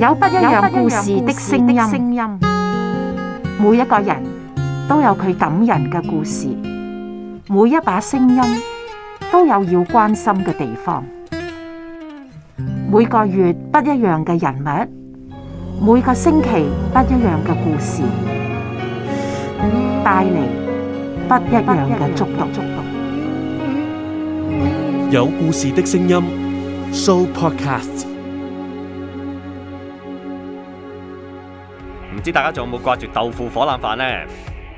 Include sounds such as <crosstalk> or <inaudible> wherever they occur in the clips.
有不一樣故事的聲音，每一個人都有佢感人嘅故事，每一把聲音都有要關心嘅地方。每個月不一樣嘅人物，每個星期不一樣嘅故事，帶嚟不一樣嘅觸動觸動。有故事的聲音 So Podcast。唔知大家仲有冇掛住豆腐火腩飯呢？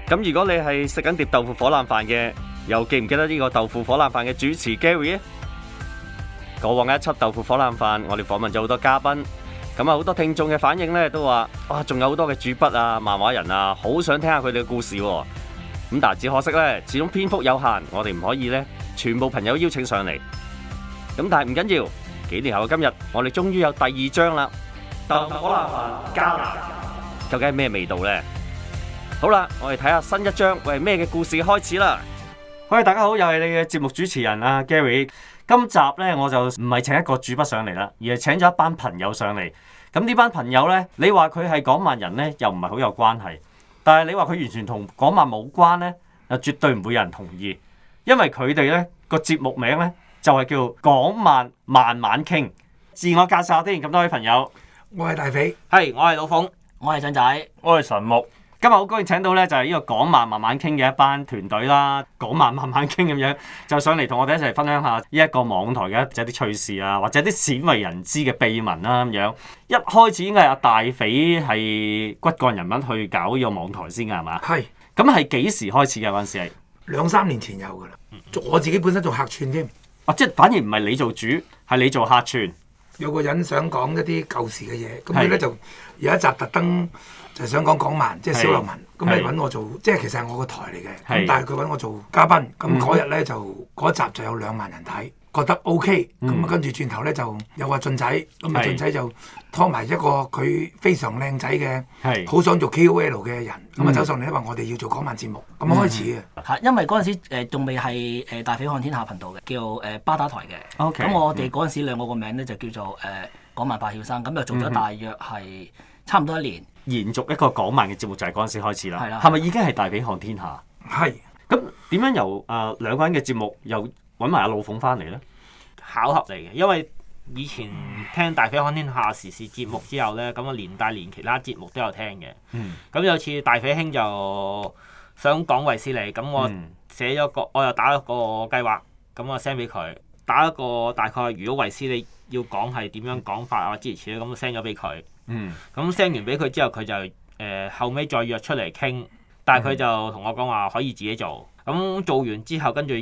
咁如果你係食緊碟豆腐火腩飯嘅，又記唔記得呢個豆腐火腩飯嘅主持 Gary 咧？過往一輯豆腐火腩飯，我哋訪問咗好多嘉賓，咁啊好多聽眾嘅反應呢，都、啊、話，哇，仲有好多嘅主筆啊、漫畫人啊，好想聽下佢哋嘅故事、啊。咁但係只可惜呢，始終篇幅有限，我哋唔可以呢全部朋友邀請上嚟。咁但係唔緊要，幾年後嘅今日，我哋終於有第二章啦！豆腐火腩飯加究竟係咩味道呢？好啦，我哋睇下新一章，係咩嘅故事開始啦？喂，大家好，又係你嘅節目主持人啊 Gary。今集呢，我就唔係請一個主筆上嚟啦，而係請咗一班朋友上嚟。咁呢班朋友呢，你話佢係港漫人呢，又唔係好有關係；但係你話佢完全同港漫冇關呢，又絕對唔會有人同意，因為佢哋呢個節目名呢就係叫港漫慢慢傾。自我介紹下先，咁多位朋友，我係大肥，係我係老馮。我係鄭仔，我係神木，今日好高興請到咧就係、是、呢個港漫慢慢傾嘅一班團隊啦，港漫慢慢傾咁樣就上嚟同我哋一齊分享下呢一個網台嘅一即啲趣事啊，或者啲鮮為人知嘅秘聞啦咁樣。一開始應該係阿大肥係骨幹人物去搞呢個網台先噶係嘛？係，咁係幾時開始嘅嗰陣時？兩三年前有噶啦，我自己本身做客串添。哦、嗯啊，即係反而唔係你做主，係你做客串。有個人想講一啲舊時嘅嘢，咁佢咧就。是是有一集特登就想講港漫，即係小流氓咁你揾我做，即係其實係我個台嚟嘅。咁但係佢揾我做嘉賓，咁嗰日咧就嗰集就有兩萬人睇，覺得 O K。咁啊跟住轉頭咧就有話俊仔，咁啊俊仔就拖埋一個佢非常靚仔嘅，好想做 K O L 嘅人，咁啊走上嚟話我哋要做港漫節目，咁開始啊。嚇，因為嗰陣時仲未係誒大飛看天下頻道嘅，叫誒巴打台嘅。O K。咁我哋嗰陣時兩個個名咧就叫做誒港漫白曉生，咁就做咗大約係，差唔多一年，延續一個講漫嘅節目就係嗰陣時開始啦。係咪的已經係大飛看天下？係的。咁點樣由誒、呃、兩個人嘅節目又揾埋阿老馮翻嚟咧？巧合嚟嘅，因為以前聽大飛看天下時事節目之後咧，咁、嗯、我連帶連其他節目都有聽嘅。嗯。咁有次大飛兄就想講衛斯理，咁我寫咗個，嗯、我又打咗個計劃，咁我 send 俾佢，打一個大概如果衛斯理要講係點樣講法啊諸如此類咁 send 咗俾佢。咁 send、嗯、完俾佢之後，佢就誒、呃、後尾再約出嚟傾，但係佢就同我講話可以自己做，咁做完之後，跟住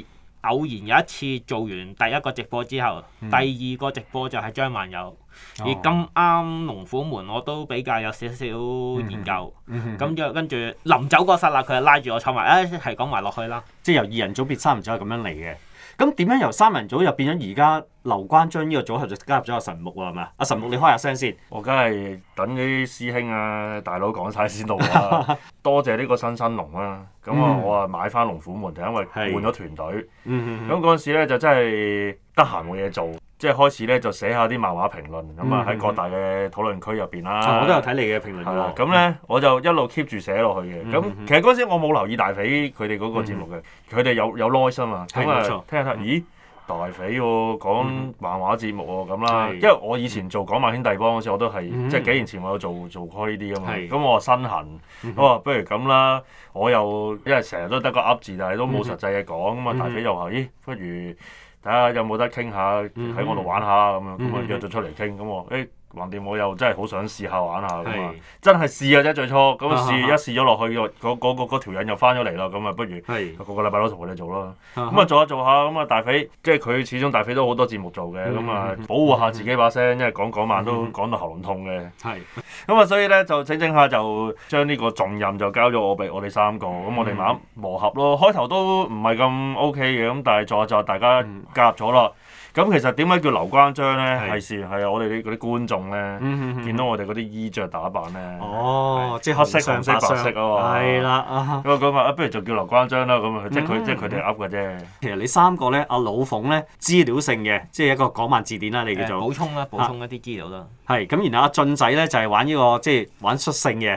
偶然有一次做完第一個直播之後，嗯、第二個直播就係張萬有，哦、而咁啱龍虎門我都比較有少少研究，咁、嗯嗯嗯嗯、就跟住臨走嗰剎那個，佢就拉住我坐埋，誒係講埋落去啦，即由二人組變三人組係咁樣嚟嘅。咁點樣由三人組入變咗而家劉關張呢個組合就加入咗阿神木喎係咪？阿、啊、神木你開下聲先，我梗係等啲師兄啊大佬講晒先到啦。 <laughs> 多謝呢個新新龍啦、啊。咁啊我啊買翻龍虎門就因為換咗團隊。咁嗰陣時咧就真係得閒冇嘢做。即係開始咧，就寫下啲漫畫評論咁啊，喺各大嘅討論區入邊啦。我都有睇你嘅評論。係啦，咁咧我就一路 keep 住寫落去嘅。咁其實嗰陣時我冇留意大肥佢哋嗰個節目嘅，佢哋有有耐心啊，聽下聽下，咦大肥喎，講漫畫節目喎咁啦，因為我以前做港漫兄弟幫嗰時我都係即係幾年前我有做做開呢啲啊嘛，咁我身痕，咁啊不如咁啦，我又因為成日都得個噏字，但係都冇實際嘅講咁啊，大肥就話咦不如。睇下有冇得傾下，喺、嗯、我度玩下咁、嗯、樣，咁啊約咗出嚟傾，咁、嗯嗯、我誒。欸橫掂，我又真係好想試下玩下咁啊！真係試啊！真係最初咁試一試咗落去，嗰嗰嗰嗰條癮又翻咗嚟啦！咁啊，不如個個禮拜都同佢哋做咯。咁啊，做下做下，咁啊大肥，即係佢始終大肥都好多節目做嘅。咁啊，保護下自己把聲，因為講講晚都講到喉嚨痛嘅。係咁啊，所以咧就整整下就將呢個重任就交咗我俾我哋三個。咁我哋慢慢磨合咯。開頭都唔係咁 OK 嘅，咁但係做下做下，大家夾咗咯。咁其實點解叫劉關張咧？係事係啊！我哋啲啲觀眾咧，見到我哋嗰啲衣着打扮咧，哦，即係黑色、紅色、白色啊，係啦啊！咁啊，不如就叫劉關張啦，咁啊，即係佢，即係佢哋噏嘅啫。其實你三個咧，阿老馮咧資料性嘅，即係一個港漫字典啦，你叫做補充啦，補充一啲資料啦。係咁，然後阿俊仔咧就係玩呢個即係玩率性嘅，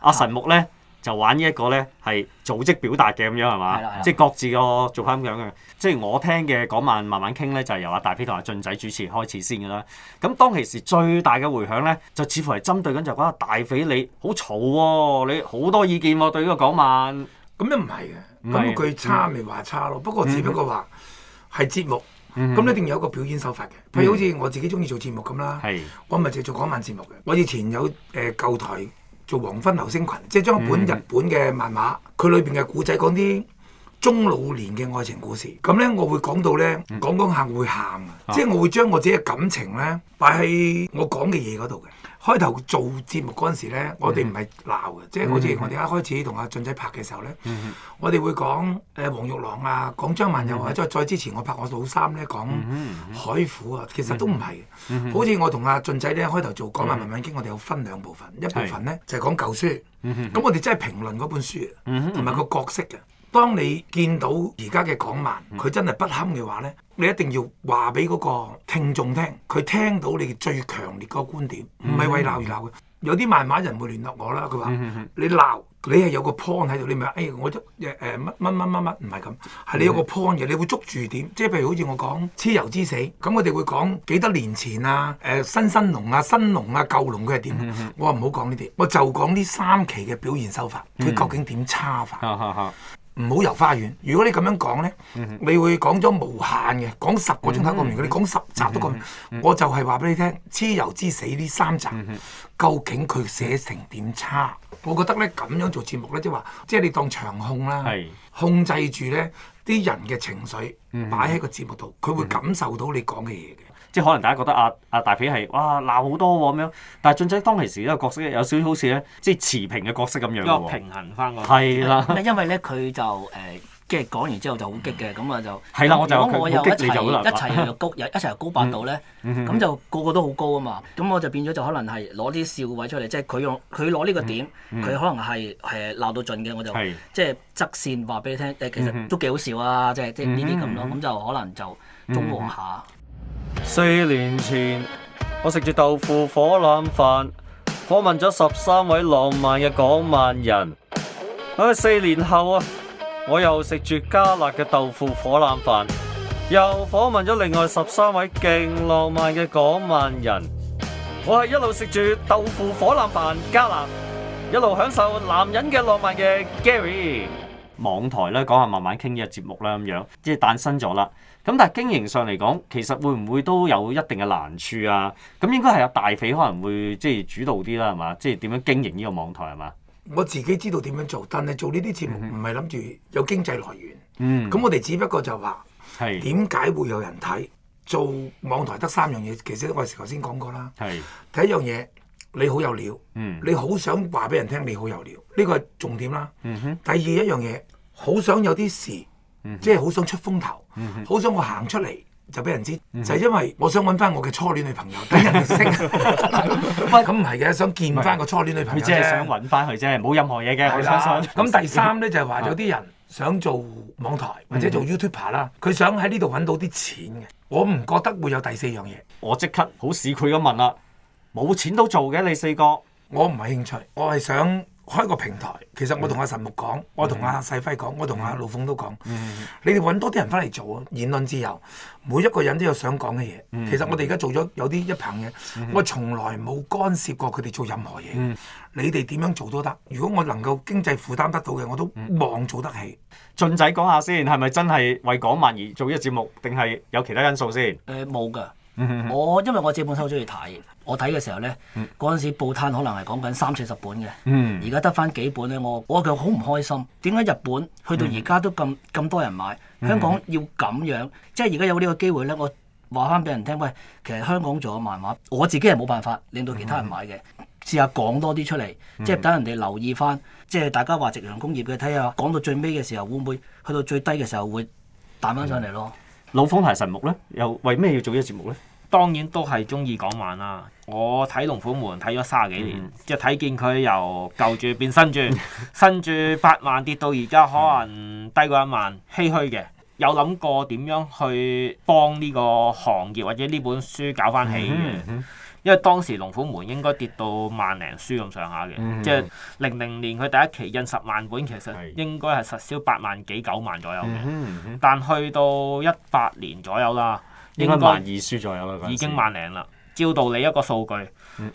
阿神木咧，就玩呢一個咧，係組織表達嘅咁樣係嘛？即係各自個做翻咁樣嘅。即係我聽嘅講漫慢慢傾咧，就係、是、由阿大肥同阿俊仔主持開始先嘅啦。咁當其時最大嘅迴響咧，就似乎係針對緊就講大肥你好嘈喎，你好多意見喎、哦，對呢個講漫。咁樣唔係嘅，咁佢差咪話差咯？不，是不過只不過話係節目，咁一定有一個表演手法嘅。譬如好似我自己鍾意做節目咁啦，是我咪就做講漫節目嘅。我以前有誒、呃、舊台。做黃昏流星群，即係將一本日本嘅漫畫，佢、嗯、裏邊嘅古仔講啲中老年嘅愛情故事。咁呢，我會講到呢，講講下我會喊、嗯、即係我會將我自己嘅感情呢，擺喺我講嘅嘢嗰度嘅。開頭做節目嗰陣時呢，我哋唔係鬧嘅，即係好似我哋一開始同阿俊仔拍嘅時候呢，我哋、嗯、哼會講誒黃、呃、玉郎啊，講張曼玉啊，再、嗯、哼再之前我拍我老三呢，講海虎啊，其實都唔係，好似我同阿俊仔呢，開頭做《港漫文文經》，我哋有分兩部分，一部分呢是就係講舊書，咁我哋真係評論嗰本書同埋個角色嘅。當你見到而家嘅港漫，佢、嗯、真係不堪嘅話呢，你一定要話俾嗰個聽眾聽。佢聽到你最強烈個觀點，唔係、嗯、為鬧而鬧嘅。嗯、有啲漫畫人會聯絡我啦。佢話、嗯嗯嗯：你鬧，你係、哎欸嗯、有個 point 喺度，你咪誒，我乜乜乜乜唔係咁，係你有個 point 嘅，你會捉住點？即係譬如好似我講蚩尤之死，咁我哋會講幾多年前啊，誒、呃、新新龍啊、新龍啊、舊龍佢係點。我話唔好講呢啲，我就講呢三期嘅表現手法，佢究竟點差法？嗯好好唔好遊花園。如果你咁樣講呢，嗯、哼你會講咗無限嘅，講十個鐘頭講唔完，嗯、哼你講十集都講唔完。嗯、哼我就係話俾你聽，《蚩尤之死》呢三集，嗯、哼究竟佢寫成點差？我覺得呢，咁樣做節目呢，即係話，即係你當長控啦，是控制住呢啲人嘅情緒，擺喺個節目度，佢、嗯、哼會感受到你講嘅嘢嘅。嗯哼嗯即係可能大家覺得阿阿大皮係哇鬧好多喎咁樣，但係俊仔當其時呢個角色有少少好似咧，即係持平嘅角色咁樣喎。平衡翻。係啦。因為咧，佢就誒，即係講完之後就好激嘅，咁啊就。係啦，我又佢就我又一齊一齊又高，又一齊又高八度咧，咁就個個都好高啊嘛。咁我就變咗就可能係攞啲笑位出嚟，即係佢用佢攞呢個點，佢可能係誒鬧到盡嘅，我就即係側線話俾你聽其實都幾好笑啊，即係即係呢啲咁咯。咁就可能就中和下。四年前，我食住豆腐火腩飯，訪問咗十三位浪漫嘅港萬人。喺四年後啊，我又食住加辣嘅豆腐火腩飯，又訪問咗另外十三位勁浪漫嘅港萬人。我係一路食住豆腐火腩飯加辣，一路享受男人嘅浪漫嘅 Gary 網台咧，講下慢慢傾嘅節目啦，咁樣即係誕生咗啦。咁但係經營上嚟講，其實會唔會都有一定嘅難處啊？咁應該係有大夥可能會即係主導啲啦，係嘛？即係點樣經營呢個網台係嘛？我自己知道點樣做，但係做呢啲節目唔係諗住有經濟來源。咁、嗯、我哋只不過就話，係點解會有人睇？做網台得三樣嘢，其實我哋頭先講過啦。是第一樣嘢，你好有料。嗯、你好想話俾人聽你，你好有料，呢個係重點啦。嗯、哼第二一樣嘢，好想有啲事。嗯、即係好想出風頭，好、嗯、哼想我行出嚟就俾人知，嗯、哼就係因為我想揾翻我嘅初戀女朋友，等人哋識。唔咁唔係嘅，想見翻個初戀女朋友即係想揾翻佢啫，冇任何嘢嘅。係啦的。咁第三呢，就係、是、話有啲人想做網台的或者做 YouTuber 啦、嗯哼，佢想喺呢度揾到啲錢嘅。我唔覺得會有第四樣嘢。我即刻好市儈咁問啦，冇錢都做嘅你四個，我唔係興趣，我係想。開個平台，其實我同阿陳木講、嗯啊，我同阿世輝講，我同阿盧峯都講，你哋揾多啲人翻嚟做啊！言論自由，每一個人都有想講嘅嘢。其實我哋而家做咗有啲一棚嘢，我從來冇干涉過佢哋做任何嘢。嗯、你哋點樣做都得。如果我能夠經濟負擔得到嘅，我都望做得起。嗯、俊仔講下先，係咪真係為港萬而做呢個節目，定係有其他因素先？誒、嗯，冇、呃、㗎。 <music> 我因為我自己本身好中意睇，我睇嘅時候呢，嗰陣 <music> 時報攤可能係講緊三四十本嘅，而家得翻幾本呢。我我就好唔開心。點解日本去到而家都咁咁多人買，香港要咁樣？即係而家有呢個機會呢。我話翻俾人聽，喂，其實香港做漫畫，我自己係冇辦法令到其他人買嘅，試下講多啲出嚟，即係等人哋留意翻。即係大家話夕陽工業嘅，睇下講到最尾嘅時候會唔會去到最低嘅時候會彈翻上嚟咯。老風台神木咧，又為咩要做個節呢個節目咧？當然都係中意港漫啦。我睇《龍虎門》睇咗卅幾年，即係睇見佢由舊住變新住，新、嗯、住八萬跌到而家可能低過一萬，唏噓嘅。有諗過點樣去幫呢個行業或者呢本書搞翻起嘅？嗯嗯嗯因為當時《龍虎門》應該跌到萬零書咁上下嘅，嗯、哼即係零零年佢第一期印十萬本，其實應該係實銷八萬幾九萬左右嘅。嗯嗯、但去到一八年左右啦，應該萬已經萬零啦、嗯。照道理一個數據，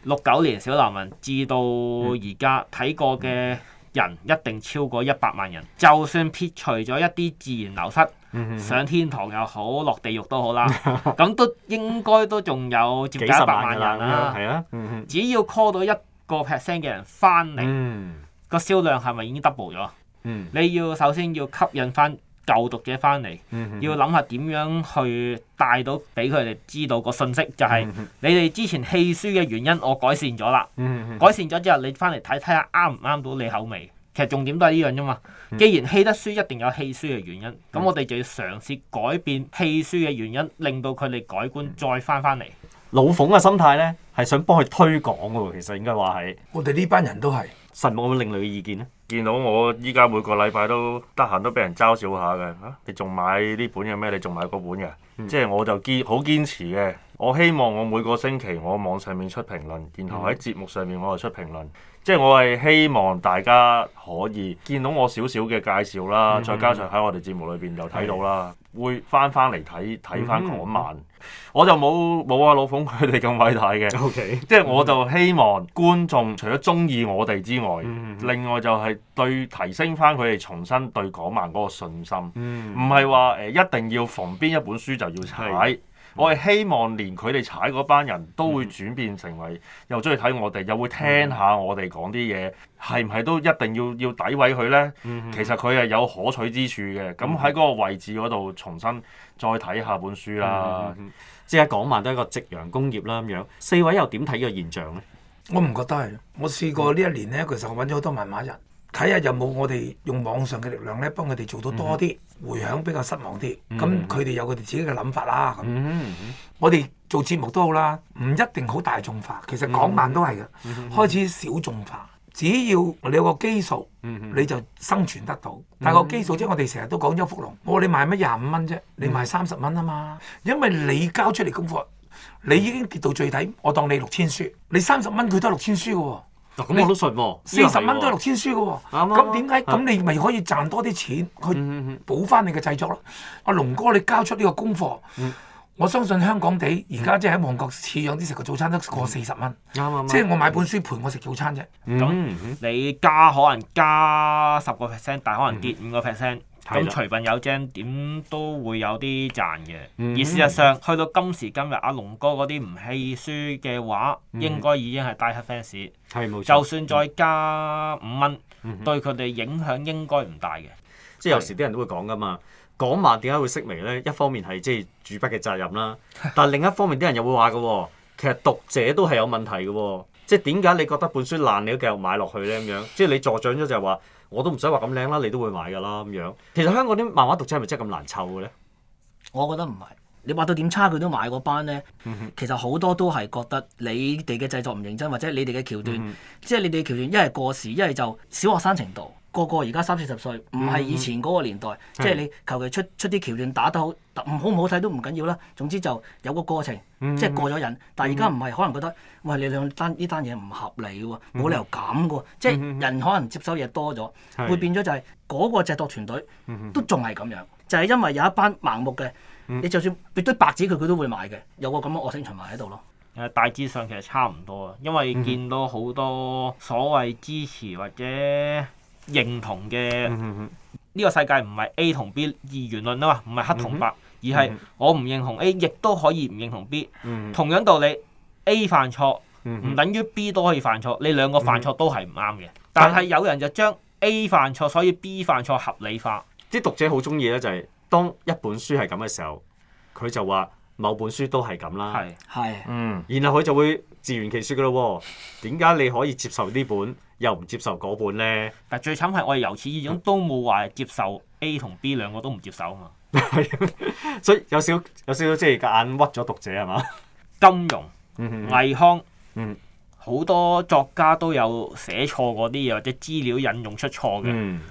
六九、嗯、年《小難民》至到而家睇過嘅人一定超過一百萬人，嗯嗯、就算撇除咗一啲自然流失。上天堂又好，落地獄都好啦，咁 <laughs> 都應該都仲有接近一百萬人啦、啊。 <laughs> 只要 call 到一個 percent 嘅人翻嚟， <laughs> 個銷量係咪已經 double 咗？ <laughs> 你要首先要吸引翻舊讀者翻嚟， <laughs> 要諗下點樣去帶到俾佢哋知道個信息，就係、是、你哋之前棄書嘅原因，我改善咗啦。 <laughs> 改善咗之後，你翻嚟睇睇下啱唔啱到你口味。其實重點都係呢樣啫嘛，既然棄得書一定有棄書嘅原因，咁、嗯、我哋就要嘗試改變棄書嘅原因，令到佢哋改觀再，再翻翻嚟。老馮嘅心態咧，係想幫佢推廣噶，其實應該話係。我哋呢班人都係，實冇冇另類嘅意見咧？見到我依家每個禮拜都得閒都俾人嘲笑下嘅，吓你仲買呢本嘅咩？你仲買嗰本嘅？本嗯、即係我就堅好堅持嘅，我希望我每個星期我網上面出評論，然後喺節目上面我又出評論。即係我係希望大家可以見到我少少嘅介紹啦，嗯、再加上喺我哋節目裏邊就睇到啦，的會翻翻嚟睇睇翻港漫，嗯、我就冇冇啊老馮佢哋咁偉大嘅，okay, 即係我就希望觀眾除咗中意我哋之外，嗯、另外就係對提升翻佢哋重新對港漫嗰個信心，唔係話誒一定要逢邊一本書就要踩。我係希望連佢哋踩嗰班人都會轉變成為又中意睇我哋，嗯、又會聽下我哋講啲嘢，係唔係都一定要要詆毀佢咧？嗯嗯、其實佢係有可取之處嘅。咁喺嗰個位置嗰度重新再睇下本書啦。嗯嗯嗯嗯嗯、即係講埋都係一個夕陽工業啦咁樣。四位又點睇呢個現象咧？我唔覺得係。我試過呢一年咧，其實我揾咗好多漫畫人。睇下有冇我哋用網上嘅力量咧，幫佢哋做到多啲回、嗯、哼響，比較失望啲。咁佢哋有佢哋自己嘅諗法啦。咁、嗯、哼我哋做節目都好啦，唔一定好大眾化。其實講慢都係嘅，嗯、哼開始小眾化。只要你有個基數，嗯、哼你就生存得到。但係個基數、嗯、哼即係我哋成日都講周福龍，我話你賣乜廿五蚊啫？你賣三十蚊啊嘛？因為你交出嚟功課，你已經跌到最底，我當你六千書，你三十蚊佢都六千書喎。咁我信、哦、都信四十蚊都係六千書嘅喎、哦，咁點解？咁你咪可以賺多啲錢去補翻你嘅製作咯。阿的、啊、龍哥，你交出呢個功課，嗯、我相信香港地而家即係喺旺角似養啲食個早餐都過四十蚊，即係、嗯、我買本書陪我食早餐啫。咁你加可能加十個 percent，但係可能跌五個 percent。嗯咁是除笨有精點都會有啲賺嘅，嗯、而事實上去到今時今日，阿龍哥嗰啲唔棄書嘅話，嗯、應該已經係低黑 fans，係冇錯，就算再加五蚊，嗯、對佢哋影響應該唔大嘅。即係有時啲人都會講噶嘛，港漫點解會式微咧？一方面係即係主筆嘅責任啦，但係另一方面啲人又會話㗎喎，其實讀者都係有問題㗎喎。即係點解你覺得本書爛，你都繼續買落去咧咁樣？即係你助長咗就係話。我都唔使畫咁靚啦，你都會買噶啦咁樣。其實香港啲漫畫讀者係咪真係咁難湊咧？我覺得唔係，你畫到點差佢都買嗰班咧。嗯、哼其實好多都係覺得你哋嘅製作唔認真，或者你哋嘅橋段，嗯、哼即係你哋嘅橋段一係過時，一係就小學生程度。個個而家三四十歲，唔係以前嗰個年代，嗯嗯、即係你求其出出啲橋段打得好，唔好唔好睇都唔緊要啦。總之就有個過程，嗯嗯、即係過咗癮。但係而家唔係，可能覺得，嗯、喂，你兩單呢單嘢唔合理喎、啊，冇、嗯、理由咁嘅、啊。即係人可能接收嘢多咗，嗯嗯、會變咗就係嗰個製作團隊、嗯嗯、都仲係咁樣，就係、是、因為有一班盲目嘅，你就算俾堆白紙，佢佢都會買嘅，有個咁嘅惡性循環喺度咯。大致上其實差唔多，因為見到好多所謂支持或者。認同嘅呢、mm hmm. 個世界唔係 A 同 B 二元論啊嘛，唔係黑同白，mm hmm. 而係我唔認同 A，亦都可以唔認同 B。Mm hmm. 同樣道理，A 犯錯唔、mm hmm. 等於 B 都可以犯錯，你兩個犯錯都係唔啱嘅。Mm hmm. 但係有人就將 A 犯錯，所以 B 犯錯合理化。啲是讀者好中意咧，就係、是、當一本書係咁嘅時候，佢就話某本書都係咁啦，係是，嗯，是然後佢就會自圓其說噶咯喎。點解你可以接受呢本？又唔接受嗰本咧，但最慘係我哋由始至終都冇話接受 A 同 B 兩個都唔接受啊嘛， <laughs> 所以有少有少即係夾硬屈咗讀者係嘛？金庸、嗯嗯倪匡，好、嗯嗯、多作家都有寫錯嗰啲嘢或者資料引用出錯嘅，嗯、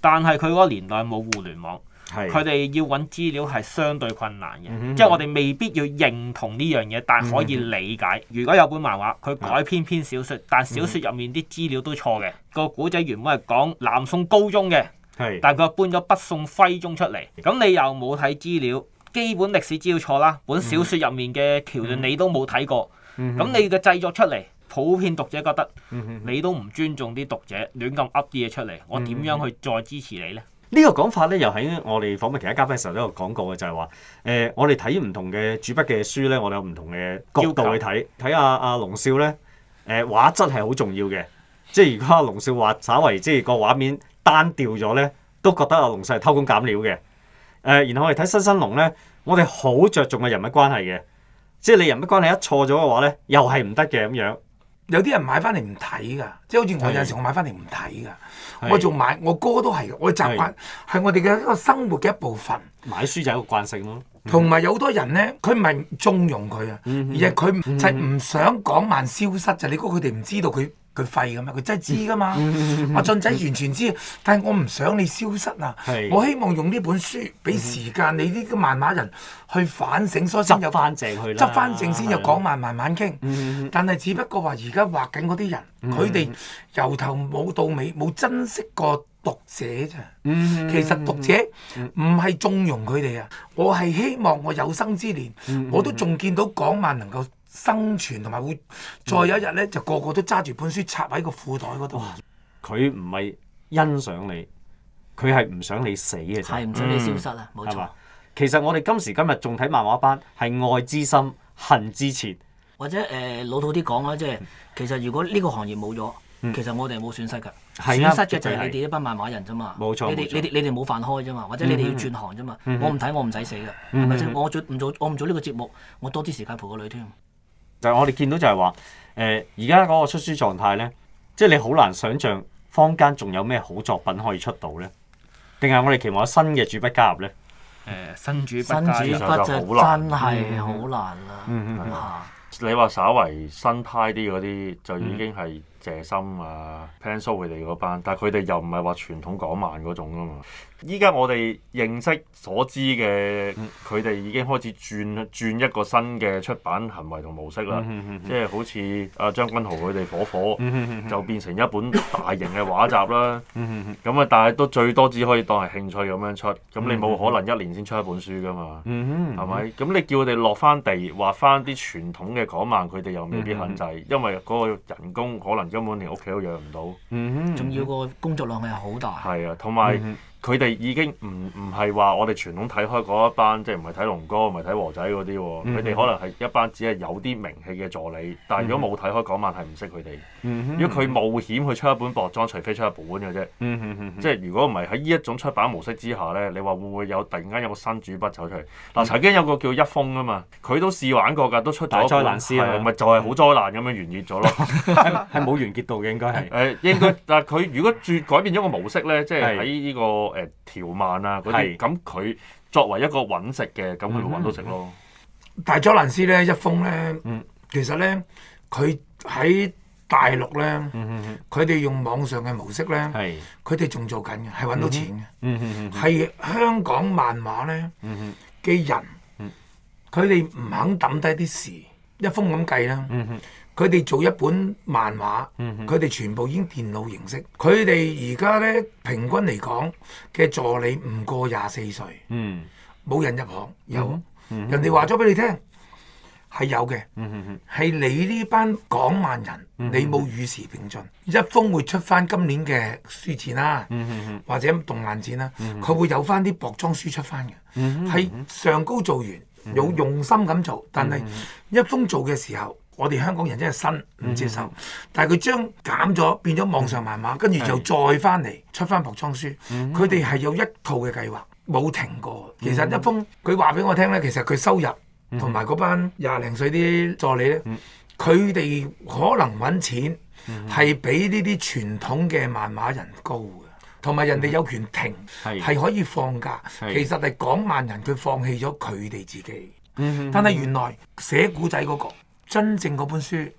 但係佢嗰個年代冇互聯網。佢哋是要揾資料係相對困難嘅，嗯、哼即係我哋未必要認同呢樣嘢，但係可以理解。嗯、哼如果有本漫畫，佢改編篇小説，嗯、哼但小説入面啲資料都錯嘅，嗯、哼個古仔原本係講南宋高宗嘅，嗯、哼但係佢搬咗北宋徽宗出嚟。咁、嗯、哼你又冇睇資料，基本歷史資料錯啦，本小説入面嘅橋段你都冇睇過，咁你嘅製作出嚟，普遍讀者覺得你都唔尊重啲讀者，亂咁噏啲嘢出嚟，我點樣去再支持你咧？嗯個呢個講法咧，又喺我哋訪問其他嘉賓嘅時候都有講過嘅，就係話，誒，我哋睇唔同嘅主筆嘅書咧，我哋有唔同嘅角度去睇。睇下阿龍少咧，誒、呃，畫質係好重要嘅，即係如果阿、啊、龍少話稍為即係個畫面單調咗咧，都覺得阿、啊、龍少係偷工減料嘅。誒、呃，然後我哋睇新新龍咧，我哋好着重嘅人物關係嘅，即係你人物關係一錯咗嘅話咧，又係唔得嘅咁樣。有啲人買翻嚟唔睇噶，即係好似我有陣時我買翻嚟唔睇噶，是我仲買，我哥都係，我習慣係我哋嘅一個生活嘅一部分。買書就係一個慣性咯、啊。同埋有好多人咧，佢唔係縱容佢啊，嗯、哼而係佢就係唔想講慢消失就、嗯、哼你估佢哋唔知道佢？佢廢㗎嘛，佢真係知㗎嘛？阿、嗯、俊、嗯啊、仔完全知，嗯、但係我唔想你消失啊！是我希望用呢本書俾時間你呢個漫畫人去反省，所以執翻正去，執翻正先有，正正有講萬、啊、慢慢傾。嗯、但係只不過話而家畫緊嗰啲人，佢哋、嗯、由頭冇到尾冇珍惜過讀者咋。嗯、其實讀者唔係縱容佢哋啊！我係希望我有生之年我都仲見到港漫能夠生存同埋會再有一日咧，就個個都揸住本書插喺個褲袋嗰度。佢唔係欣賞你，佢係唔想你死嘅啫。係唔想你消失啊，冇錯。其實我哋今時今日仲睇漫畫班，係愛之深，恨之切。或者誒老土啲講啦，即係其實如果呢個行業冇咗，其實我哋冇損失嘅。損失嘅就係你哋一班漫畫人啫嘛。冇錯，你哋你哋你哋冇飯開啫嘛，或者你哋要轉行啫嘛。我唔睇我唔使死嘅，係咪？我唔做我唔做呢個節目，我多啲時間陪個女添。我哋見到就係話，誒而家嗰個出書狀態咧，即係你好難想像，坊間仲有咩好作品可以出到咧？定係我哋期望有新嘅主筆加入咧？誒、呃、新主筆新主筆就好難、嗯嗯、真係好難啦、啊。你話稍為新派啲嗰啲，就已經係、嗯。謝心啊，Panshow 佢哋嗰班，但係佢哋又唔係話傳統港漫嗰種啊嘛。依家我哋認識所知嘅佢哋已經開始轉轉一個新嘅出版行為同模式啦，嗯嗯嗯、即係好似阿張君豪佢哋火火，嗯嗯嗯、就變成一本大型嘅畫集啦。咁啊、嗯嗯嗯，但係都最多只可以當係興趣咁樣出，咁你冇可能一年先出一本書噶嘛？係咪、嗯？咁、嗯嗯、你叫佢哋落翻地畫翻啲傳統嘅港漫，佢哋又未必肯制，因為嗰個人工可能、就係根本連屋企都養唔到，仲、嗯嗯、要個工作量係好大，係啊，同埋、嗯。佢哋已經唔唔係話我哋傳統睇開嗰一班，即係唔係睇龍哥，唔係睇和仔嗰啲喎。佢哋、嗯、哼可能係一班只係有啲名氣嘅助理。但係如果冇睇開嗰晚，係唔識佢哋。如果佢冒險去出一本薄裝，除非出一本嘅啫。嗯、哼即係如果唔係喺呢一種出版模式之下咧，你話會唔會有突然間有個新主筆走出嚟？嗱、嗯，曾經有個叫一峯啊嘛，佢都試玩過㗎，都出咗一本，係咪就係好災難咁樣完結咗咯？係冇完結到嘅應該係。誒、呃、應該，但係佢如果轉改變咗個模式咧， <laughs> 即係喺呢個。誒條、呃、漫啊，嗰啲咁佢作為一個揾食嘅，咁佢揾到食咯。嗯、但係佐蘭斯咧，一封咧，嗯、其實咧，佢喺大陸咧，佢哋、嗯、哼用網上嘅模式咧，佢哋仲做緊嘅，係揾到錢嘅，係、嗯嗯、香港漫畫咧嘅、嗯、哼人，佢哋唔肯抌低啲事，一封咁計啦。嗯佢哋做一本漫畫，佢哋全部已經電腦形式。佢哋而家呢，平均嚟講嘅助理唔過廿四歲，冇人入行。有，人哋話咗俾你聽係有嘅，係你呢班港漫人，你冇與時並進。一封會出翻今年嘅書展啦，或者動漫展啦，佢會有翻啲薄裝書出翻嘅。喺上高做完有用心咁做，但係一封做嘅時候。我哋香港人真係新唔接受，但係佢將減咗變咗網上漫畫，跟住又再翻嚟出翻服裝書。佢哋係有一套嘅計劃，冇停過。其實一封佢話俾我聽呢，其實佢收入同埋嗰班廿零歲啲助理呢，佢哋可能揾錢係比呢啲傳統嘅漫畫人高嘅，同埋人哋有權停係可以放假。其實係港漫人佢放棄咗佢哋自己，但係原來寫古仔嗰個。真正嗰本書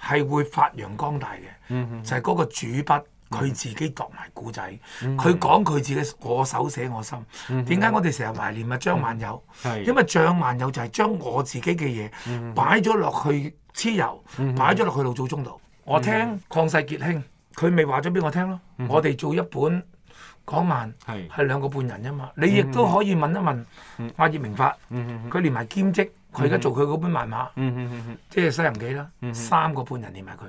係會發揚光大嘅，就係嗰個主筆佢自己讀埋故仔，佢講佢自己我手寫我心。點解我哋成日懷念咪張萬友？因為張萬友就係將我自己嘅嘢擺咗落去《蚩尤》，擺咗落去《老祖宗》度。我聽抗世傑兄，佢咪話咗俾我聽咯。我哋做一本港漫，係兩個半人啫嘛。你亦都可以問一問阿葉明發，佢連埋兼職。佢而家做佢嗰本漫畫，嗯嗯嗯嗯、即係《西遊記》啦、嗯，三個半人連埋佢。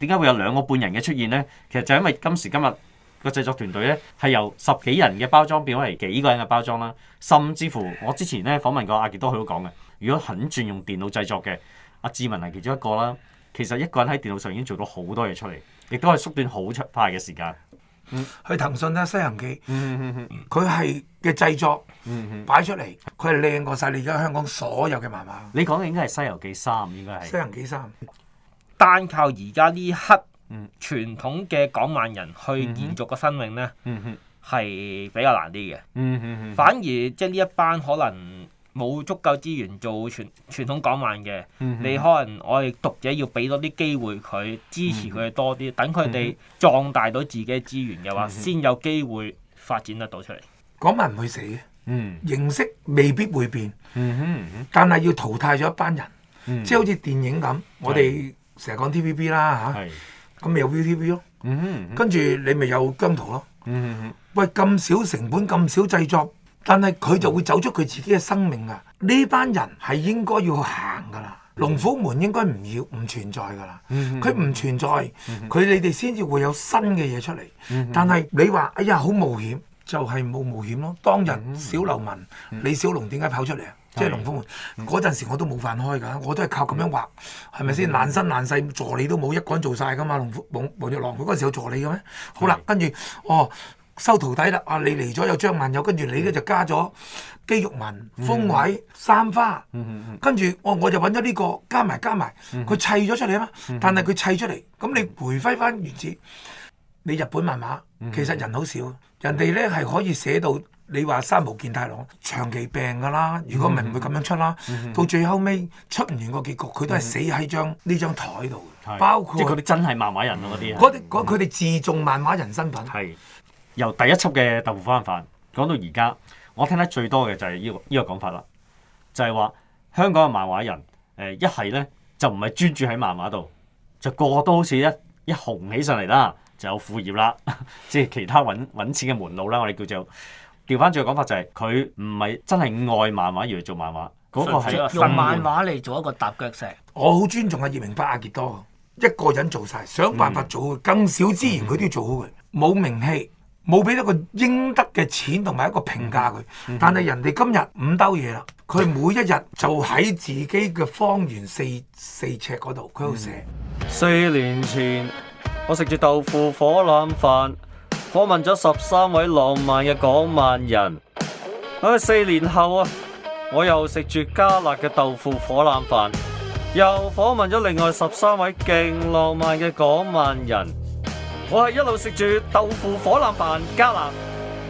點解會有兩個半人嘅出現咧？其實就因為今時今日個製作團隊咧係由十幾人嘅包裝變為幾個人嘅包裝啦，甚至乎我之前咧訪問過阿杰、啊、都好講嘅，如果肯轉用電腦製作嘅，阿、啊、志文係其中一個啦。其實一個人喺電腦上已經做到好多嘢出嚟，亦都可以縮短好出快嘅時間。去騰訊啦，《西遊記》嗯哼哼，佢係嘅製作、嗯、哼擺出嚟，佢係靚過晒你而家香港所有嘅漫畫。你講嘅應該係《西遊記三》，應該係。《西遊記三》單靠而家呢一刻、嗯、傳統嘅港漫人去延續個生命咧，係、嗯、哼比較難啲嘅。嗯、哼哼，反而即係呢一班可能。冇足夠資源做傳傳統港漫嘅，你可能我哋讀者要俾多啲機會佢，支持佢多啲，等佢哋壯大到自己嘅資源嘅話，先有機會發展得到出嚟。港漫唔會死嘅，形式未必會變，文文但係要淘汰咗一班人，即係好似電影咁，我哋成日講 TVB 啦，咁咪有 VTV 咯，跟住你咪有薑濤咯，喂咁少成本咁少製作。但係佢就會走出佢自己嘅生命啊！呢班人係應該要去行噶啦，龍虎門應該唔要唔存在噶啦。佢唔 <laughs> 存在，佢你哋先至會有新嘅嘢出嚟。但係你話哎呀好冒險，就係、是、冇冒險咯。當日小流民李 <laughs> 小龍點解跑出嚟？即係龍虎門嗰陣 <laughs> 時我都冇飯開噶，我都係靠咁樣畫，係咪先爛身爛世助理都冇，一個人做晒噶嘛？龍虎黃玉郎佢嗰陣時候有助理嘅咩？好啦，跟住哦。收徒弟啦！啊，你嚟咗有張萬友，跟住你咧就加咗肌肉文、風位、三花，跟住我我就揾咗呢個加埋加埋，佢砌咗出嚟啊嘛！但係佢砌出嚟，咁你回返返原始，你日本漫畫其實人好少，人哋咧係可以寫到你話三毛健太郎長期病㗎啦，如果唔係唔會咁樣出啦。到最後尾出唔完個結局，佢都係死喺張呢張枱度，包括佢哋真係漫畫人嗰啲人，嗰啲佢哋自重漫畫人身份。由第一輯嘅豆腐花飯講到而家，我聽得最多嘅就係呢、這個依、這個講法啦，就係、是、話香港嘅漫畫人，誒、呃、一係咧就唔係專注喺漫畫度，就個個都好似一一紅起上嚟啦，就有副業啦，即 <laughs> 係其他揾揾錢嘅門路啦，我哋叫做調翻轉嘅講法就係佢唔係真係愛漫畫而嚟做漫畫，嗰、那個係用漫畫嚟做一個踏腳石。我好尊重阿葉明發、阿杰多，一個人做晒，想辦法做好，咁少資源佢都要做好嘅，冇名氣。冇俾一個應得嘅錢同埋一個評價佢，嗯、但係人哋今日五兜嘢啦，佢、嗯、每一日就喺自己嘅方圓四四尺嗰度，佢喺度寫。嗯、四年前我食住豆腐火腩飯，訪問咗十三位浪漫嘅港漫人。啊，四年後啊，我又食住加辣嘅豆腐火腩飯，又訪問咗另外十三位勁浪漫嘅港漫人。我係一路食住豆腐火腩飯加辣，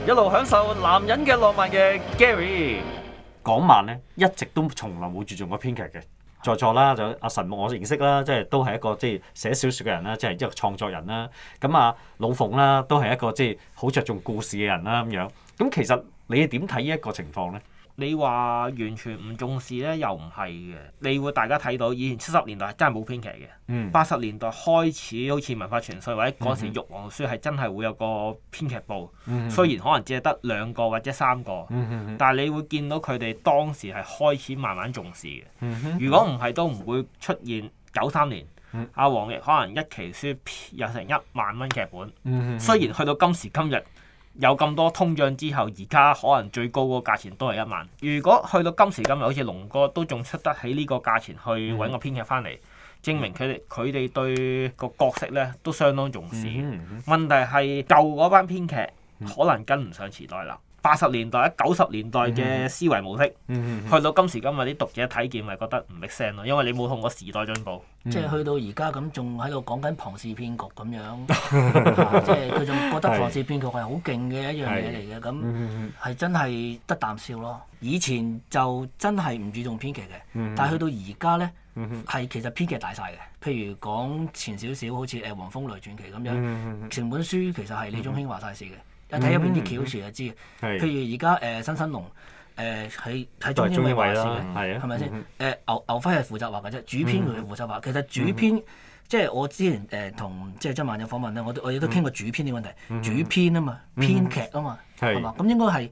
一路享受男人嘅浪漫嘅 Gary。港漫咧，一直都從來冇注重過編劇嘅，在座啦就阿神，木我認識啦，即係都係一個即係寫小說嘅人啦，即係即係創作人啦。咁啊，老馮啦，都係一個即係好着重故事嘅人啦咁樣。咁其實你點睇呢一個情況咧？你話完全唔重視咧，又唔係嘅。你會大家睇到以前七十年代真係冇編劇嘅，八十、嗯、年代開始好似文化傳説或者嗰時玉皇書係真係會有個編劇部，嗯嗯、雖然可能只係得兩個或者三個，嗯嗯嗯嗯、但係你會見到佢哋當時係開始慢慢重視嘅。嗯嗯嗯、如果唔係，都唔會出現九三年阿、嗯嗯啊、黃亦可能一期書有成一萬蚊劇本、嗯嗯。雖然去到今時今日。有咁多通脹之後，而家可能最高個價錢都係一萬。如果去到今時今日，好似龍哥都仲出得起呢個價錢去揾個編劇翻嚟，證明佢哋佢哋對個角色呢都相當重視。嗯，問題係舊嗰班編劇可能跟唔上時代啦。八十年代、九十年代嘅思維模式，嗯、去到今時今日啲讀者睇見咪覺得唔 make sense 咯，因為你冇同個時代進步。嗯、即係去到而家咁，仲喺度講緊龐氏騙局咁樣，啊、 <laughs> 即係佢仲覺得龐氏騙局係好勁嘅一樣嘢嚟嘅，咁係的、嗯、真係得啖笑咯。以前就真係唔注重編劇嘅，但係去到而家咧，係、嗯、其實編劇大晒嘅。譬如講前少少好似誒、啊《黃風雷傳奇》咁樣，成本書其實係李宗興話晒事嘅。睇一篇啲橋詞就知，譬、嗯、如而家誒新新龍誒係係中央嘅話事係咪先？誒牛牛輝係負責話嘅啫，主編佢係負責話。嗯、其實主編、嗯、即係我之前誒同、呃、即係張曼有訪問咧，我都我亦都傾過主編啲問題，嗯、主編啊嘛，嗯、編劇啊嘛，係嘛、嗯？咁是應該係。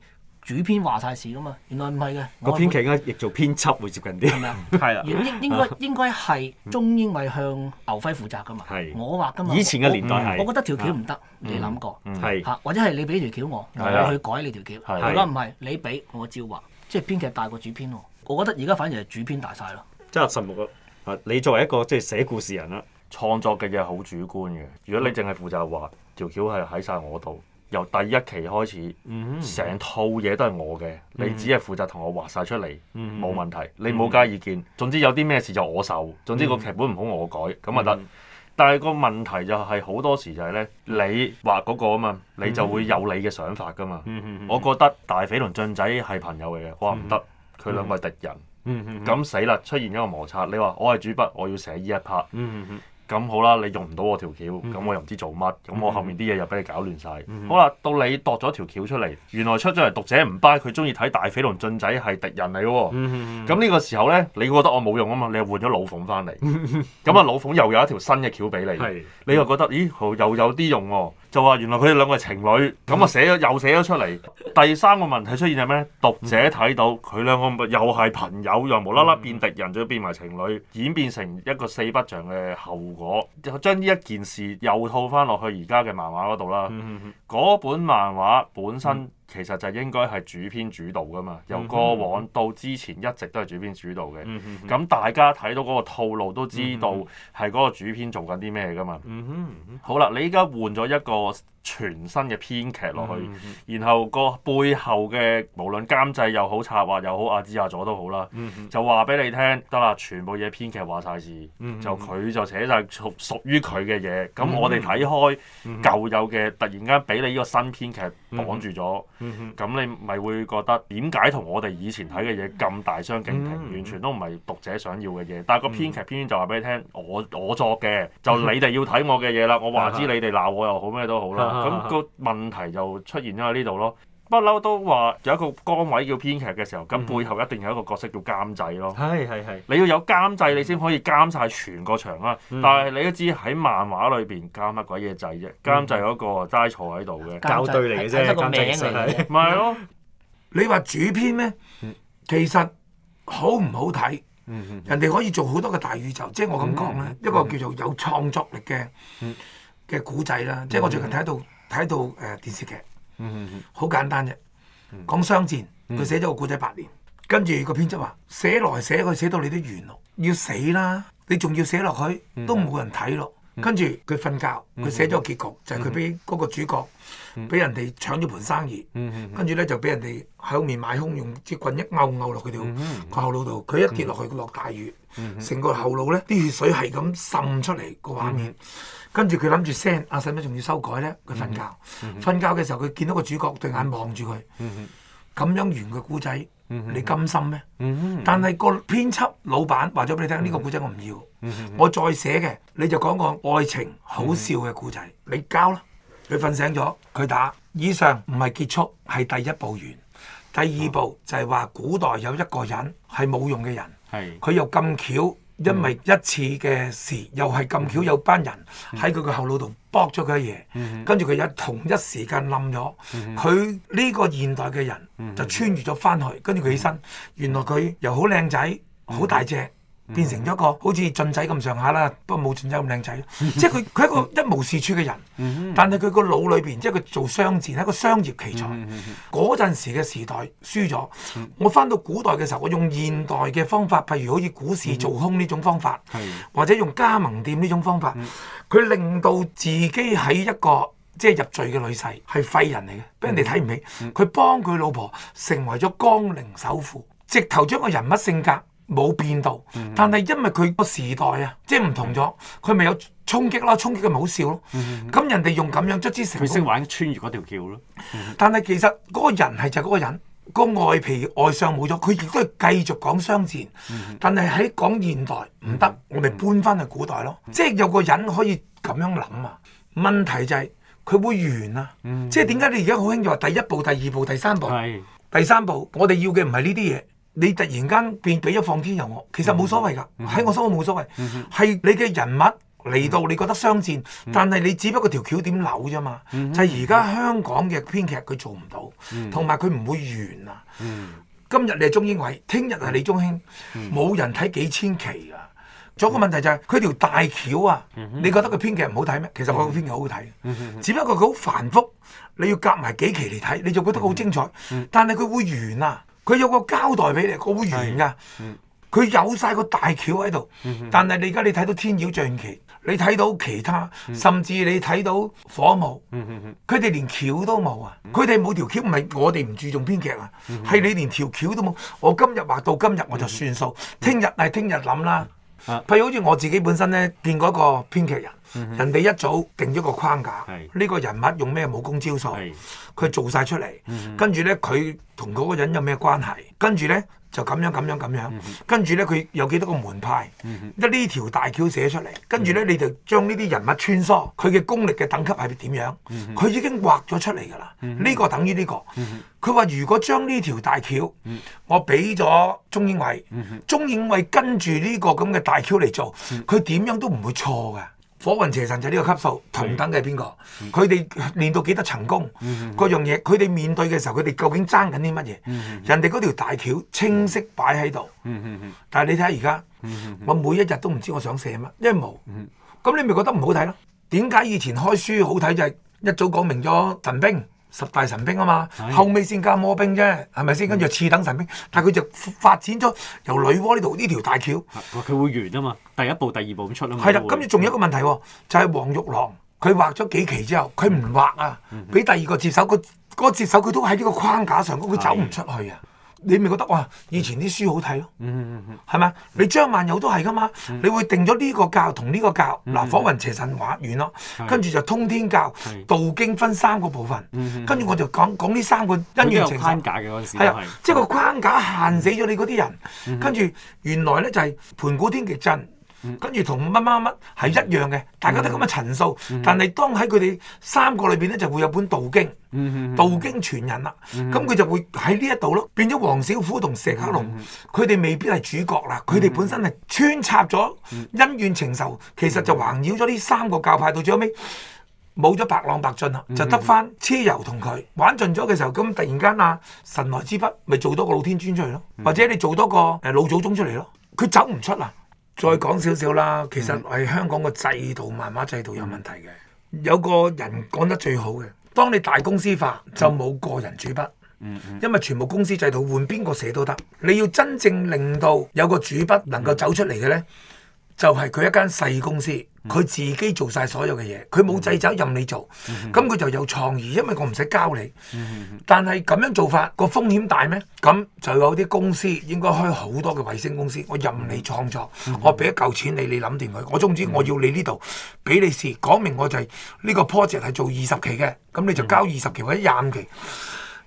主編話晒事噶嘛，原來唔係嘅。個編劇應該亦做編輯會接近啲，係咪啊？係啊。應應應該應該係中英咪向牛輝負責噶嘛？是我話噶嘛。以前嘅年代係。我覺得條橋唔得，你諗過？係。或者係你俾條橋我，我去改你條橋。如果唔係，你俾我照畫，即係編劇大過主編喎。我覺得而家反而係主編大晒咯。即係阿神木哥，你作為一個即係寫故事人啦，創作嘅嘢好主觀嘅。如果你淨係負責話條橋係喺晒我度。由第一期開始，成套嘢都係我嘅，你只係負責同我畫晒出嚟，冇問題。你冇加意見，總之有啲咩事就我受。總之個劇本唔好我改咁就得。但係個問題就係好多時就係咧，你畫嗰個啊嘛，你就會有你嘅想法噶嘛。我覺得大匪同俊仔係朋友嚟嘅，我話唔得，佢兩個係敵人。咁死啦！出現咗個摩擦，你話我係主筆，我要寫呢一 part。咁好啦，你用唔到我條橋，咁、嗯、我又唔知做乜，咁我後面啲嘢又俾你搞亂晒。好啦，到你度咗條橋出嚟，原來出咗嚟，讀者唔掰。佢中意睇大飛龍進仔係敵人嚟喎。咁呢個時候咧，你覺得我冇用啊嘛？你又換咗老鳳翻嚟，咁啊、嗯嗯、老鳳又有一條新嘅橋俾你，的你又覺得咦，又有啲用喎？就話原來佢哋兩個係情侶，咁啊寫咗又寫咗出嚟。第三個問題出現係咩？讀者睇到佢兩個又係朋友，又無啦啦變敵人，仲要、嗯、變埋情侶，演變成一個四不像嘅後。我就將呢一件事又套翻落去而家嘅漫畫嗰度啦。嗰、嗯、哼、本漫畫本身、嗯。其實就應該係主編主導噶嘛，由過往到之前一直都係主編主導嘅。咁 <music> 大家睇到嗰個套路都知道係嗰個主編做緊啲咩噶嘛。 <music> 好啦，你依家換咗一個全新嘅編劇落去， <music> 然後個背後嘅無論監製又好、策劃又好、阿志阿佐都好啦， <music> 就話俾你聽得啦，全部嘢編劇話晒事， <music> 就佢就寫晒屬屬於佢嘅嘢。咁 <music> 我哋睇開舊有嘅， <music> 突然間俾你呢個新編劇綁住咗。 <music> <music> 咁、嗯、你咪會覺得點解同我哋以前睇嘅嘢咁大相徑庭？嗯嗯嗯，完全都唔係讀者想要嘅嘢。但個編劇偏偏就話俾你聽，我我作嘅就你哋要睇我嘅嘢啦。 <laughs> 我話知你哋鬧我又好咩都好啦。咁 <laughs> 個問題就出現咗喺呢度咯。不嬲都話有一個崗位叫編劇嘅時候，咁背後一定有一個角色叫監製咯。係係係。你要有監製，你先可以監晒全個場啦。嗯、但係你都知喺漫畫裏邊監乜鬼嘢製啫？監製嗰個齋坐喺度嘅。校對嚟嘅啫，監製個名。咪係咯。你話主編咧，其實好唔好睇？人哋可以做好多個大宇宙，即係我咁講咧，一個叫做有創作力嘅嘅古仔啦。即係我最近睇到睇到誒電視劇。嗯好 <music> 簡單啫。講商戰，佢寫咗個故仔八年，跟住個編輯話寫來寫去，寫到你都完咯，要死啦！你仲要寫落去都冇人睇咯。跟住佢瞓覺，佢寫咗個結局就係佢俾嗰個主角俾人哋搶咗盤生意。跟住呢，就俾人哋喺後面買空，用支棍一勾勾落佢條個後腦度，佢一跌落去落大雨，成個後腦呢啲血水係咁滲出嚟個畫面。跟住佢諗住 send 阿細妹仲要修改呢。佢瞓覺，瞓、mm hmm. 覺嘅時候佢見到個主角對眼望住佢，咁、mm hmm. 樣完嘅故仔，mm hmm. 你甘心咩？Mm hmm. 但係個編輯老闆話咗俾你聽，呢、mm hmm. 個故仔我唔要，我再寫嘅你就講個愛情好笑嘅故仔，mm hmm. 你交啦。佢瞓醒咗，佢打。以上唔係結束，係第一步完。第二步就係話古代有一個人係冇用嘅人，佢又咁巧。因為一次嘅事，又係咁巧有班人喺佢個後腦度剝咗佢一嘢，嗯、哼跟住佢一同一時間冧咗。佢呢、嗯、哼個現代嘅人就穿越咗翻去，跟住佢起身，嗯、哼原來佢又好靚仔，好、嗯、哼大隻。嗯變成咗個好似俊仔咁上下啦，不過冇俊仔咁靚仔即係佢佢係一個一無是處嘅人，但係佢個腦裏邊即係佢做商戰，係一個商業奇才。嗰陣時嘅時代輸咗。我翻到古代嘅時候，我用現代嘅方法，譬如好似股市做空呢種方法，或者用加盟店呢種方法，佢令到自己喺一個即係入贅嘅女婿係廢人嚟嘅，俾人哋睇唔起。佢幫佢老婆成為咗江寧首富，直頭將個人物性格。冇變到，但係因為佢個時代啊，即係唔同咗，佢咪有衝擊咯，衝擊佢咪好笑咯。咁人哋用咁樣卒之成，佢識玩穿越嗰條橋咯。但係其實嗰個人係就嗰個人，個外皮外相冇咗，佢亦都係繼續講商戰。嗯、哼但係喺講現代唔得，我咪搬翻去古代咯。即係有個人可以咁樣諗啊。問題就係佢會完啊。嗯、哼即係點解你而家好興就話第一步、第二步、第三步？是第三步，我哋要嘅唔係呢啲嘢。你突然間變俾咗放天由我，其實冇所謂噶，喺我心目中冇所謂。係你嘅人物嚟到，你覺得商戰，但係你只不過條橋點扭啫嘛。就係而家香港嘅編劇佢做唔到，同埋佢唔會完啊。今日你係鐘英偉，聽日係李忠興，冇人睇幾千期噶。仲有個問題就係佢條大橋啊，你覺得佢編劇唔好睇咩？其實佢個編劇好好睇，只不過佢好繁複，你要夾埋幾期嚟睇，你就覺得好精彩。但係佢會完啊！佢有個交代俾你，好完噶。佢、嗯、有晒個大橋喺度，嗯嗯、但係你而家你睇到《天妖象奇》，你睇到其他，嗯、甚至你睇到火舞，佢哋、嗯嗯嗯、連橋都冇啊！佢哋冇條橋，唔係我哋唔注重編劇啊，係、嗯嗯、你連條橋都冇。我今日話到今日我就算數，聽、嗯嗯、日係聽日諗啦。譬、嗯、如好似我自己本身咧，見過一個編劇人。人哋一早定咗個框架，呢個人物用咩武功招數，佢做晒出嚟。跟住呢，佢同嗰個人有咩關係？跟住呢，就咁樣咁樣咁樣。跟住呢，佢有幾多個門派？得呢條大橋寫出嚟。跟住呢，你就將呢啲人物穿梭，佢嘅功力嘅等級係點樣？佢已經畫咗出嚟㗎啦。呢個等於呢個。佢話，如果將呢條大橋，我俾咗鍾英偉，鍾英偉跟住呢個咁嘅大橋嚟做，佢點樣都唔會錯㗎。火雲邪神就呢個級數，同等嘅係邊個？佢哋練到幾多層功？嗯嗯、各樣嘢佢哋面對嘅時候，佢哋究竟爭緊啲乜嘢？嗯嗯嗯、人哋嗰條大橋清晰擺喺度。嗯嗯嗯嗯、但係你睇下而家，嗯嗯嗯、我每一日都唔知我想寫乜，因為冇。咁、嗯嗯、你咪覺得唔好睇咯？點解以前開書好睇就係一早講明咗神兵？十大神兵啊嘛，的後尾先加魔兵啫，係咪先？跟住、嗯、次等神兵，嗯、但係佢就發展咗由女媧呢度呢條大橋，佢會完啊嘛，第一步、第二步咁出啦。係啦的，跟住仲有一個問題、哦，就係、係、黃玉郎，佢畫咗幾期之後，佢唔畫啊，俾、嗯嗯、第二個接手，佢、嗰個接手佢都喺呢個框架上，佢走唔出去啊。你咪覺得哇！以前啲書好睇咯，係咪、嗯嗯嗯？你張萬友都係㗎嘛？嗯、你會定咗呢個教同呢個教，嗱、嗯嗯啊，火雲邪神畫完咯，是跟住就通天教是道經分三個部分，嗯嗯嗯、跟住我就講講呢三個恩怨成因。係啊，即係個框架限死咗你嗰啲人，嗯嗯、跟住原來咧就係、是、盤古天極震。跟住同乜乜乜係一樣嘅，大家都咁樣陳述。嗯、但係當喺佢哋三個裏邊咧，就會有本道經，嗯嗯、道經傳人啦、啊。咁佢、嗯、就會喺呢一度咯，變咗黃小虎同石克龍，佢哋、嗯嗯、未必係主角啦。佢哋、嗯、本身係穿插咗恩怨情仇，嗯、其實就環繞咗呢三個教派到最後尾，冇咗白浪白進啦，嗯嗯、就得翻車油同佢玩盡咗嘅時候，咁突然間啊神來之筆，咪做多個老天尊出嚟咯，或者你做多個誒老祖宗出嚟咯，佢走唔出啦。再講少少啦，其實係香港個制度，漫畫、嗯、制度有問題嘅。有個人講得最好嘅，當你大公司化就冇個人主筆，嗯、因為全部公司制度換邊個寫都得。你要真正令到有個主筆能夠走出嚟嘅呢，嗯、就係佢一間細公司。佢自己做晒所有嘅嘢，佢冇掣肘任你做，咁佢就有創意，因為我唔使交你。但係咁樣做法個風險大咩？咁就有啲公司應該開好多嘅衞星公司，我任你創作，嗯、我俾一嚿錢你，你諗掂佢。我總之我要你呢度俾你試，講明我就係呢個 project 係做二十期嘅，咁你就交二十期或者廿五期。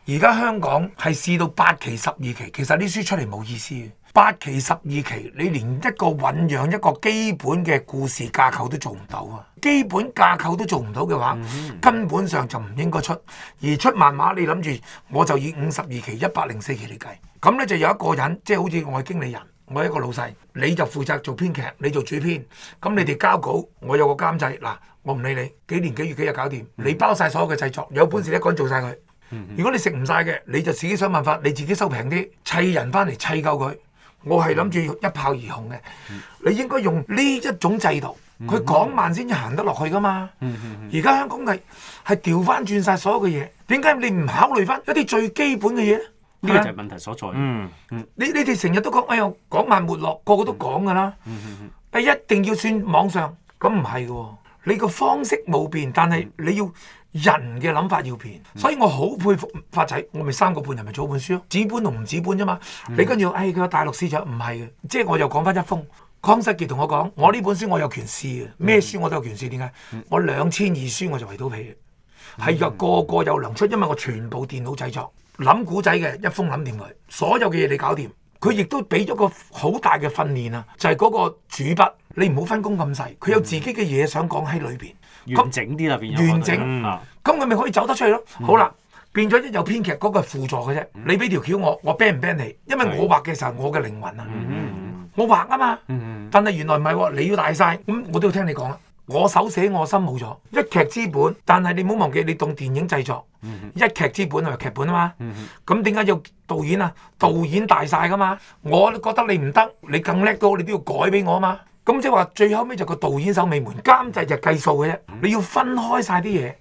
而家香港係試到八期十二期，其實啲書出嚟冇意思，八期十二期，你連一個醖釀一個基本嘅故事架構都做唔到啊！基本架構都做唔到嘅話，根本上就唔應該出。而出漫畫，你諗住我就以五十二期一百零四期嚟計，咁呢就有一個人，即係好似我係經理人，我係一個老細，你就負責做編劇，你做主編。咁你哋交稿，我有個監製嗱，我唔理你幾年幾月幾日搞掂，你包晒所有嘅製作，有本事、嗯、一個人做晒佢。如果你食唔晒嘅，你就自己想辦法，你自己收平啲，砌人翻嚟砌夠佢。我係諗住一炮而紅嘅。嗯、你應該用呢一種制度，佢講慢先行得落去噶嘛。而家、嗯嗯嗯、香港係係調翻轉晒所有嘅嘢，點解你唔考慮翻一啲最基本嘅嘢？呢個就係問題所在，嗯。嗯，你你哋成日都講哎呀講慢沒落，個個都講噶啦。嗯嗯嗯嗯嗯、一定要算網上，咁唔係喎。你個方式冇變，但係你要。人嘅諗法要變，嗯、所以我好佩服發仔。我咪三個半人咪做本書咯，紙本同唔紙本啫嘛。嗯、你跟住，佢、哎、個大陸市場唔係即係我又講翻一封。康世杰同我講，我呢本書我有權試嘅，咩、嗯、書我都有權試。點解？嗯、我兩千二書我就圍到皮嘅，係、嗯、個個有糧出，因為我全部電腦製作，諗古仔嘅一封諗掂佢，所有嘅嘢你搞掂。佢亦都俾咗個好大嘅訓練啊，就係、是、嗰個主筆，你唔好分工咁細，佢有自己嘅嘢想講喺裏邊。嗯完整啲就變咗，完整咁佢咪可以走得出去咯？嗯、好啦，變咗一有編劇嗰個輔助嘅啫。嗯、你俾條橋我，我 ban 唔 ban 你？因為我畫嘅時候，我嘅靈魂啊！嗯嗯嗯、我畫啊嘛，嗯嗯、但係原來唔係喎，你要大晒。咁，我都要聽你講啦。我手寫我心冇咗一劇之本，但係你唔好忘記你當電影製作一劇之本係劇本啊嘛。咁點解要導演啊？導演大晒噶嘛？我覺得你唔得，你更叻都好，你都要改俾我啊嘛。咁即係話最後尾就個導演守尾門，監製就計數嘅啫，你要分開晒啲嘢。的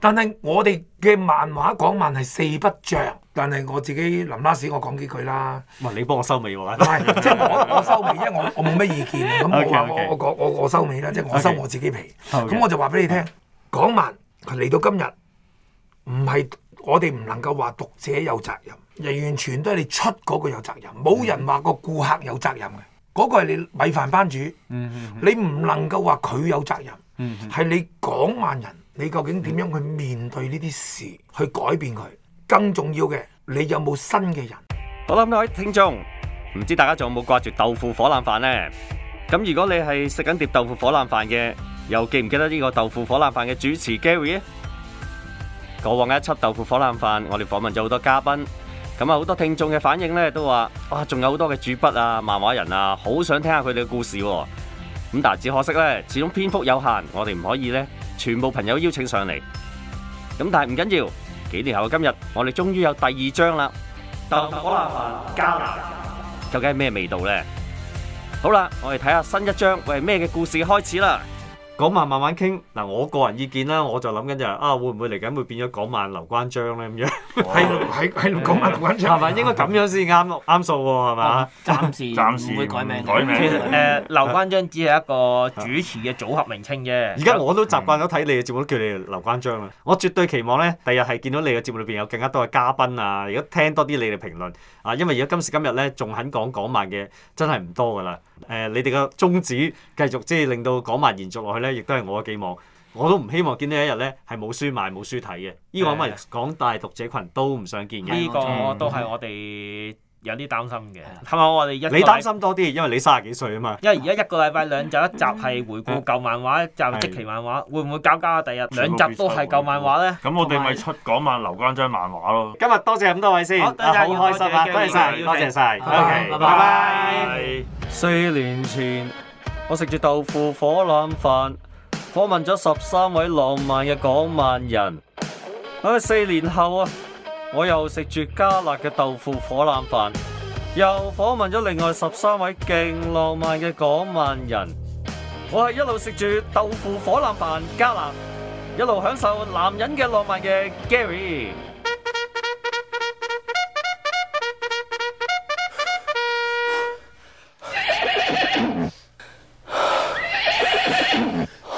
但係我哋嘅漫畫港漫係四不像。但係我自己臨拉屎，我講幾句啦。你幫我收尾喎。的 <laughs> 即係我 <laughs> 我收尾，因為我我冇乜意見。咁我話 Okay, okay. 我我我收尾啦，即係我收我自己皮。咁 Okay. Okay.、嗯、我就話俾你聽，港漫佢嚟到今日，唔係我哋唔能夠話讀者有責任，完全都係你出嗰個有責任，冇人話個顧客有責任嘅。嗰個係你米飯班主，你唔能夠話佢有責任，係你港萬人，你究竟點樣去面對呢啲事，去改變佢？更重要嘅，你有冇新嘅人？好啦，咁各位聽眾，唔知大家仲有冇掛住豆腐火腩飯咧？咁如果你係食緊碟豆腐火腩飯嘅，又記唔記得呢個豆腐火腩飯嘅主持 Gary 咧？過往一輯豆腐火腩飯，我哋訪問咗好多嘉賓。咁啊，好、嗯、多聽眾嘅反應咧都話，哇，仲有好多嘅主筆啊、漫畫人啊，好想聽下佢哋嘅故事、啊。咁但係只可惜咧，始終篇幅有限，我哋唔可以咧全部朋友邀請上嚟。咁但係唔緊要，幾年後嘅今日，我哋終於有第二章啦。就我啦，交，究竟係咩味道咧？好啦，我哋睇下新一章，喂，係咩嘅故事開始啦？港漫慢慢傾嗱，我個人意見啦，我就諗緊就係啊，會唔會嚟緊會變咗港漫劉關張咧咁樣？係係係，港漫劉關張，係咪應該咁樣先啱啱數喎，係咪？暫時暫時唔會改名。改名誒，劉關張只係一個主持嘅組合名稱啫。而家我都習慣咗睇你嘅節目都叫你劉關張啦。我絕對期望咧，第日係見到你嘅節目裏邊有更加多嘅嘉賓啊！而家聽多啲你嘅評論啊，因為而家今時今日咧，仲肯講港漫嘅真係唔多噶啦。誒，你哋嘅宗旨繼續即係令到講文延續落去咧，亦都係我嘅寄望。我都唔希望見到一日咧係冇書賣、冇書睇嘅。呢個咪廣大讀者群都唔想見嘅。呢個都係我哋。 <music> 嗯 <music> 有啲擔心嘅，係咪我話你一？你擔心多啲，因為你三十幾歲啊嘛。因為而家一個禮拜兩集一集係回顧舊漫畫，一集即期漫畫，會唔會搞搞下啊？第日兩集都係舊漫畫咧。咁我哋咪出港漫劉關張漫畫咯。今日多謝咁多位先，好，好開心啊！多謝晒，多謝晒，OK，拜拜，拜拜。四年前，我食住豆腐火腩飯，訪問咗十三位浪漫嘅港漫人。啊，四年後啊。我又食住加辣嘅豆腐火腩飯，又訪問咗另外十三位勁浪漫嘅港漫人。我係一路食住豆腐火腩飯加辣，一路享受男人嘅浪漫嘅 Gary。 <laughs>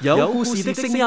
有故事的，的聲音。